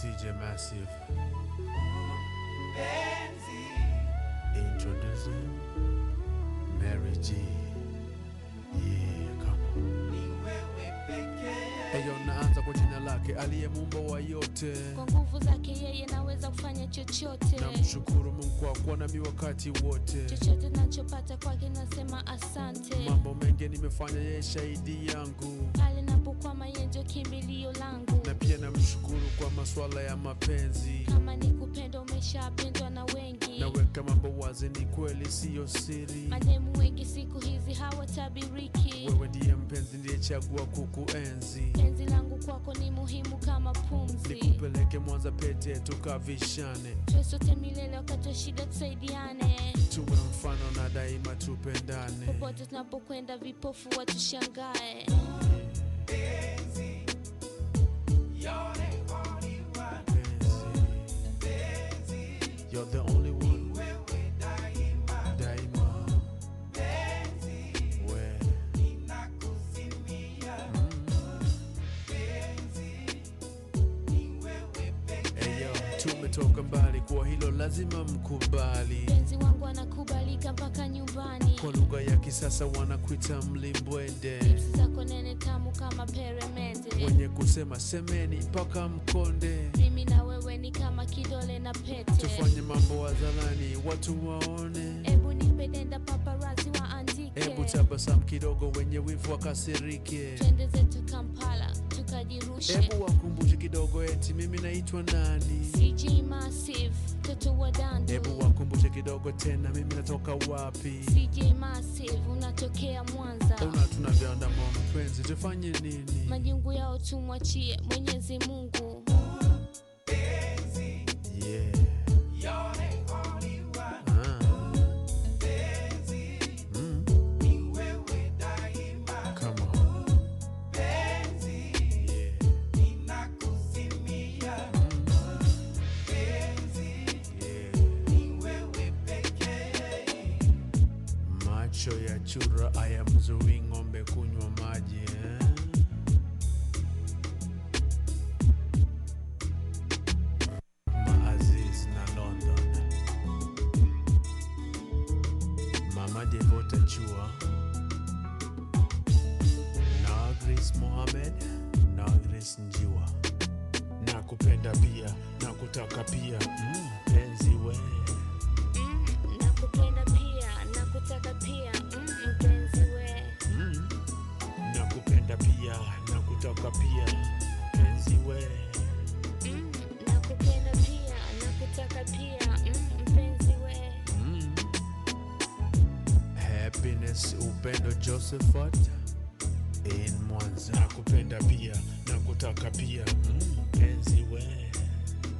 CJ Massive. Benzie. Introducing Mary G. Yeah, come on. Hey, yo, nah. kupendeza kwa jina lake aliye mumbo wa yote, kwa nguvu zake yeye naweza kufanya chochote. Namshukuru Mungu kwa kuwa nami wakati wote, chochote nachopata kwake nasema asante. Mambo mengi nimefanya, yeye shahidi yangu, pale napokwama yeye ndio kimbilio langu. Na pia namshukuru kwa maswala ya mapenzi, kama ni kupenda umeshapendwa na wengi, naweka mambo wazi, ni kweli, siyo siri. Mademu wengi siku hizi hawatabiriki. Wewe ndiye mpenzi, ndiyechagua kukuenzi. Penzi langu kwako ni muhimu kama pumzi. Nikupeleke Mwanza pete, tukavishane tuwe sote milele, wakati wa shida tusaidiane, tuwe mfano na daima tupendane, popote tunapokwenda vipofu watushangae. You're the Tumetoka mbali kwa hilo lazima mkubali. Penzi wangu anakubalika mpaka nyumbani. Kwa lugha ya kisasa wanakuita mlimbwende. Lips zako nene tamu kama peremende. Wenye kusema semeni mpaka mkonde. Mimi na wewe ni kama kidole na pete. Tufanye mambo wazalani watu waone. Ebu nipe denda paparazzi waandike. Ebu tabasamu kidogo wenye wivu wakasirike. Twende zetu Kampala tukajirushe. Hebu wakumbushe kidogo, eti mimi naitwa nani? CJ Massive, mtoto wa Dando. Hebu wakumbushe kidogo tena, mimi natoka wapi? CJ Massive, unatokea Mwanza. Una tunavyoandama mpenzi, tufanye nini? Majungu yao tumwachie Mwenyezi Mungu. Macho ya chura hayamzuii ng'ombe kunywa maji eh? na London, Mama Devota Chua na Grace na nakupenda pia nakutaka pia mm, eh. Mm, mm. nakutaka pia mpenzi we mm, nakupenda pia nakutaka pia mpenzi we nakupenda pia nakutaka pia mpenzi we happiness upendo josephat in mwanza nakupenda pia nakutaka pia mpenzi mm, we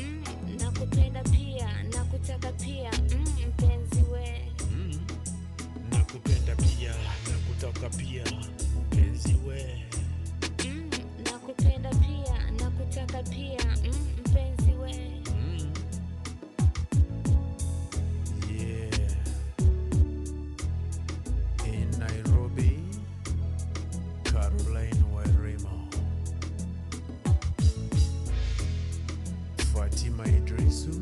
mm, nakupenda pia nakutaka pia pia mpenzi we mm, nakupenda pia kutaka pia mm, mpenzi we mm. In Nairobi, Fatima Idrisu